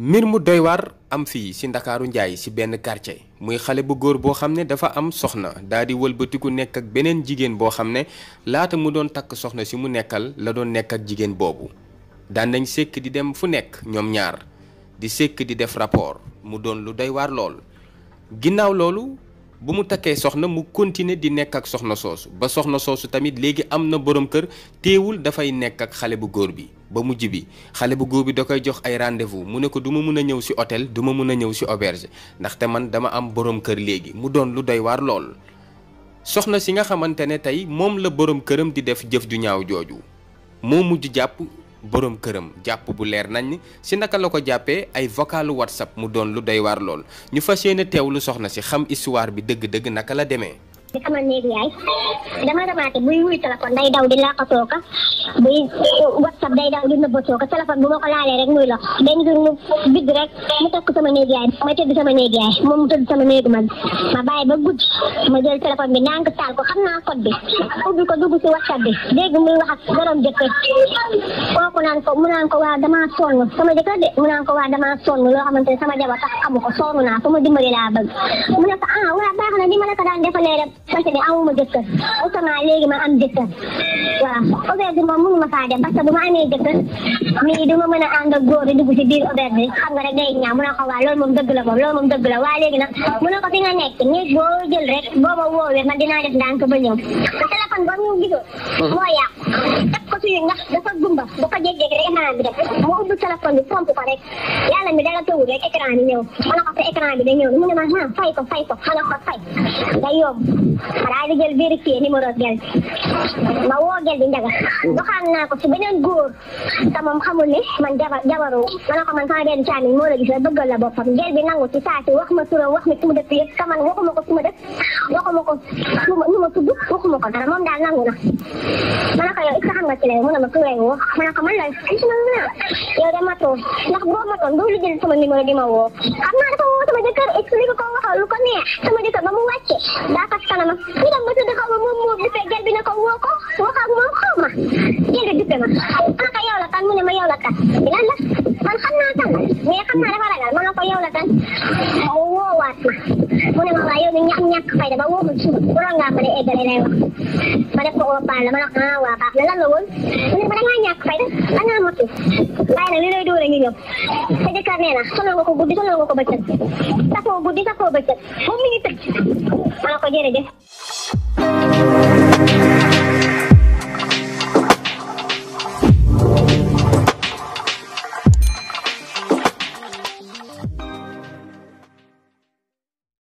mbir mu doywaar am fii ci ndakaaru njaay ci benn quartier muy xale bu góor boo xam ne dafa am soxna daa di wëlbatiku nekk ak beneen jigéen boo xam ne laata mu doon takk soxna ci mu nekkal la doon nekk ak jigéen boobu daan nañ sekk di dem fu nekk ñoom ñaar di sekk di def rapport mu doon lu doy waar lool ginnaaw loolu bu mu takkee soxna mu continuer di nekk ak soxna soosu ba soxna soosu tamit léegi am na borom kër téewul dafay nekk ak xale bu góor bi ba mujj bi xale bu góor bi da koy jox ay rendez mu ne ko du ma mun a ñëw ci hôtel duma ma mun a ñëw ci auberge ndaxte man dama am borom kër léegi mu doon lu doy waar lool. soxna si nga xamante ne tey moom la borom këram di def jëf ju ñaaw jooju moo mujj jàpp boroom këram jàpp bu leer nañ si naka la ko jàppee ay vocalu whatsapp mu doon lu doy waar lool ñu fas yéene teewlu soxna si xam histoire bi dëgg-dëgg naka la demee. di sama néegu yaay dama ramaate buy wuy téléphone day daw di laqatoo ko buy whatsapp day daw di nëbbatoo ko téléphone bu ma ko laalee rek muy lox benn jour mu bidd rek mu tokk sama néegu yaay ma tëdd sama néegu yaay moom mu tëdd sama néegu man ma bàyyi ba guddi ma jël téléphone bi ndànk taal ko xam naa code bi ubbi ko dugg si whatsapp bi dégg muy wax ak borom kooku naan ko mu naan ko waa damaa sonn sama jëkkër de mu naan ko waa damaa sonn loo xamante ne sama jabar tax ko sonn naa ma dimbali laa bëgg mu ne ko ah waa ma a ko daan defalee rek parce que amuma jëkkër autrement léegi ma am jëkkër waaw auberge bi moom mënu ma faa dem parce que ma amee jëkkër mii du ma mën a ànd ak góor bi dugg si biir auberge bi xam nga rek day ñaaw mu waa loolu moom dëgg la moom loolu moom dëgg la waa léegi nag mu ne ko fi nga nekk néeg boo jël rek boo ma woowee man dinaa def ndànk ba ñëw te téléphone boobu ñu gisoo moo yàqu ko suñu ndax dafa gumba dafa jékki-jékki rek écran bi def bi pomp ko rek yàlla mi dara tëwul rek écran bi ñëw ma ko sa écran bi da ñëw mu ne ma ah fay ko fay ko ma ne ko fay day yomb daa di jël vérifier numéro gel ma woo gel bi njaga doxaan naa ko si beneen góor te moom xamul ne man jabar jabaroo ma ne ko man sama benn caamin moo la gis rek bëggal la boppam gel bi nangu si saa si ma turam wax ma su ma dëkk yëpp te man waxuma ko su ma dëkk waxuma ko su ma nu ma tudd ko dara moom ma ko yow est-ce sila mo na magkulay mo. Wala ka man ya udah sunang nak Yaw na dulu jadi mo ton. Dulo din sa mandi mo sama mawo. At na ito mo sa mandi ka. Ito ko kong wakaw. Lukan niya. Sa mandi ka bisa Dakas ka naman. Hindi ka mo sa dakaw mamumove. Ipegel binakawo ko. Wakaw mo ka ma. Yan ka dito ma. Ang kayaw latan mo na mayaw latan. Ilan lang. Manhan mu ne ma waaye yow mi ña am ñàkk fayda ba woo ko suba waroon ngaa mën a eggale lay wax ma def ko au pal la ma wax ah waa baax na lan la woon mu ne ma da ngaa ñàkk fayda da ngaa mokki bàyyi nag li lay dóore ngi ñëw sa jëkkër nee na sonal nga ko guddi sonal nga ko bëccëg safoo guddi safoo bëccëg moom mi ngi tëj ma ne ko jërëjëf